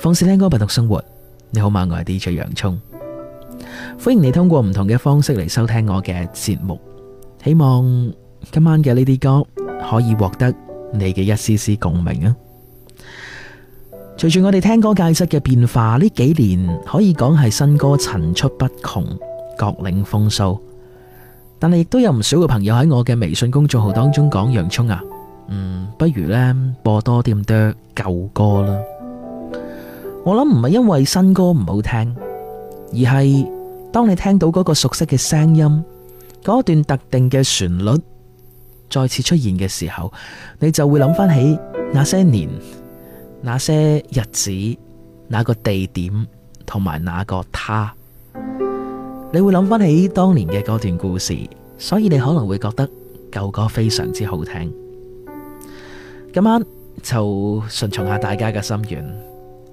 放肆聽歌，不讀生活。你好嗎？我係 DJ 洋蔥，歡迎你通過唔同嘅方式嚟收聽我嘅節目。希望今晚嘅呢啲歌可以獲得你嘅一絲絲共鳴啊！隨住我哋聽歌界質嘅變化，呢幾年可以講係新歌層出不窮，各領風騷。但係亦都有唔少嘅朋友喺我嘅微信公眾號當中講洋蔥啊，嗯，不如呢，播多啲咁多舊歌啦。我諗唔係因為新歌唔好聽，而係當你聽到嗰個熟悉嘅聲音，嗰段特定嘅旋律再次出現嘅時候，你就會諗翻起那些年、那些日子、那個地點同埋那個他，你會諗翻起當年嘅嗰段故事，所以你可能會覺得舊歌非常之好聽。今晚就順從下大家嘅心願。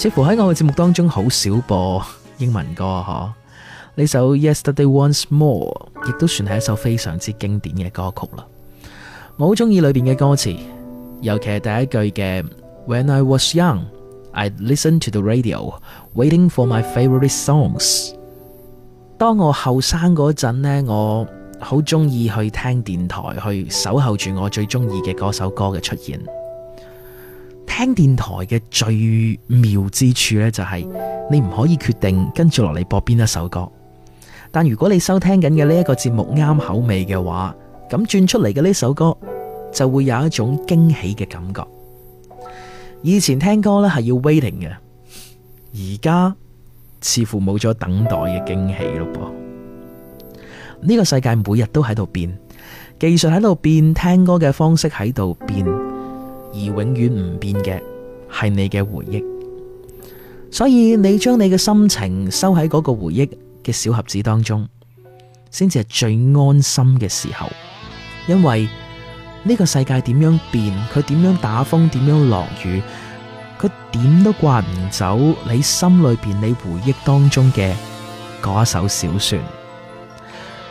似乎喺我嘅節目當中好少播英文歌，嗬？呢首 Yesterday Once More 亦都算係一首非常之經典嘅歌曲啦。我好中意裏邊嘅歌詞，尤其係第一句嘅 When I was young, I listened to the radio, waiting for my favorite songs。當我後生嗰陣呢，我好中意去聽電台，去守候住我最中意嘅嗰首歌嘅出現。聽電台嘅最妙之處呢，就係你唔可以決定跟住落嚟播邊一首歌，但如果你收聽緊嘅呢一個節目啱口味嘅話，咁轉出嚟嘅呢首歌就會有一種驚喜嘅感覺。以前聽歌呢係要 waiting 嘅，而家似乎冇咗等待嘅驚喜咯噃。呢個世界每日都喺度變，技術喺度變，聽歌嘅方式喺度變。而永遠唔變嘅係你嘅回憶，所以你將你嘅心情收喺嗰個回憶嘅小盒子當中，先至係最安心嘅時候。因為呢個世界點樣變，佢點樣打風，點樣落雨，佢點都掛唔走你心裏邊你回憶當中嘅嗰一首小船。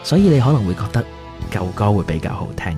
所以你可能會覺得舊歌會比較好聽。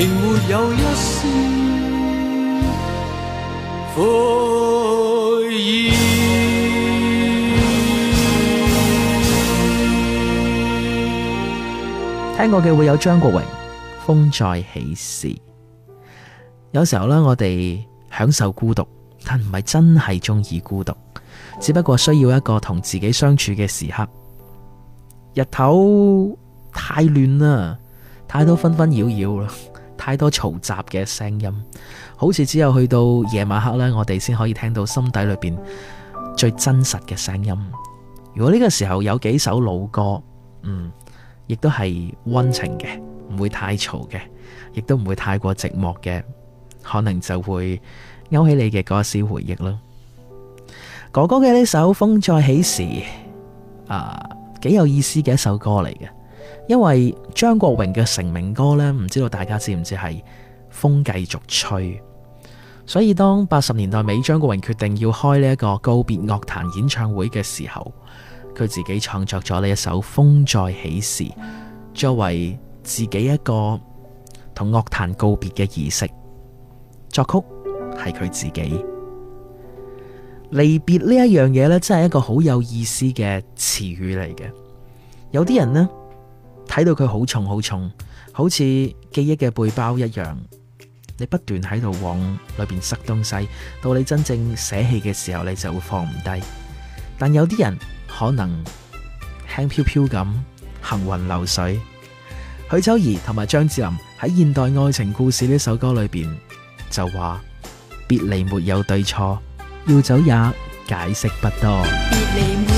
有一聽過嘅會有張國榮《風再起時》。有時候呢，我哋享受孤獨，但唔係真係中意孤獨，只不過需要一個同自己相處嘅時刻。日頭太亂啦，太多紛紛擾擾啦。太多嘈雜嘅聲音，好似只有去到夜晚黑咧，我哋先可以聽到心底裏邊最真實嘅聲音。如果呢個時候有幾首老歌，嗯，亦都係溫情嘅，唔會太嘈嘅，亦都唔會太過寂寞嘅，可能就會勾起你嘅嗰一絲回憶咯。哥哥嘅呢首《風再起時》，啊，幾有意思嘅一首歌嚟嘅。因為張國榮嘅成名歌呢，唔知道大家知唔知係風繼續吹，所以當八十年代尾張國榮決定要開呢一個告別樂壇演唱會嘅時候，佢自己創作咗呢一首《風再起時》作為自己一個同樂壇告別嘅儀式。作曲係佢自己，離別呢一樣嘢呢，真係一個好有意思嘅詞語嚟嘅。有啲人呢。睇到佢好重好重，好似記憶嘅背包一樣。你不斷喺度往裏邊塞東西，到你真正捨棄嘅時候，你就會放唔低。但有啲人可能輕飄飄咁行雲流水。許秋怡同埋張智霖喺現代愛情故事呢首歌裏邊就話：別離沒有對錯，要走也解釋不多。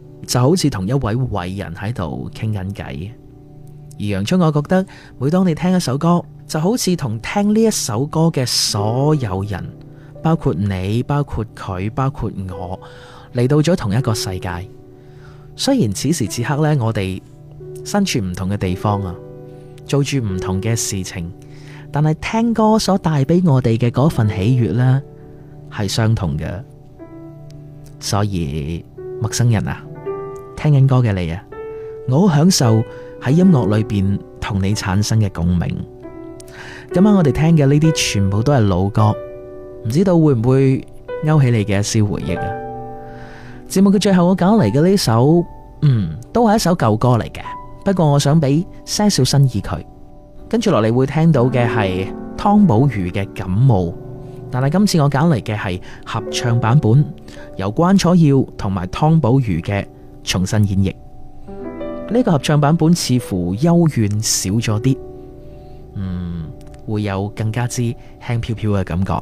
就好似同一位偉人喺度傾緊偈，而楊春，我覺得每當你聽一首歌，就好似同聽呢一首歌嘅所有人，包括你，包括佢，包括我，嚟到咗同一個世界。雖然此時此刻呢，我哋身處唔同嘅地方啊，做住唔同嘅事情，但係聽歌所帶俾我哋嘅嗰份喜悅呢，係相同嘅。所以陌生人啊！聽緊歌嘅你啊，我好享受喺音樂裏邊同你產生嘅共鳴。今晚我哋聽嘅呢啲全部都係老歌，唔知道會唔會勾起你嘅一絲回憶啊？節目嘅最後，我揀嚟嘅呢首，嗯，都係一首舊歌嚟嘅。不過我想俾些少新意佢。跟住落嚟會聽到嘅係湯寶如嘅《感冒》，但係今次我揀嚟嘅係合唱版本，由關楚耀同埋湯寶如嘅。重新演繹呢，這個合唱版本，似乎幽怨少咗啲，嗯，會有更加之輕飄飄嘅感覺。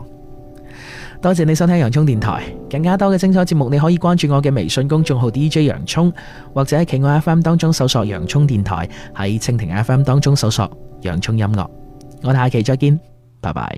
多謝你收聽洋蔥電台，更加多嘅精彩節目，你可以關注我嘅微信公眾號 DJ 洋蔥，或者喺企鵝 FM 當中搜索洋蔥電台，喺蜻蜓 FM 當中搜索洋蔥音樂。我哋下期再見，拜拜。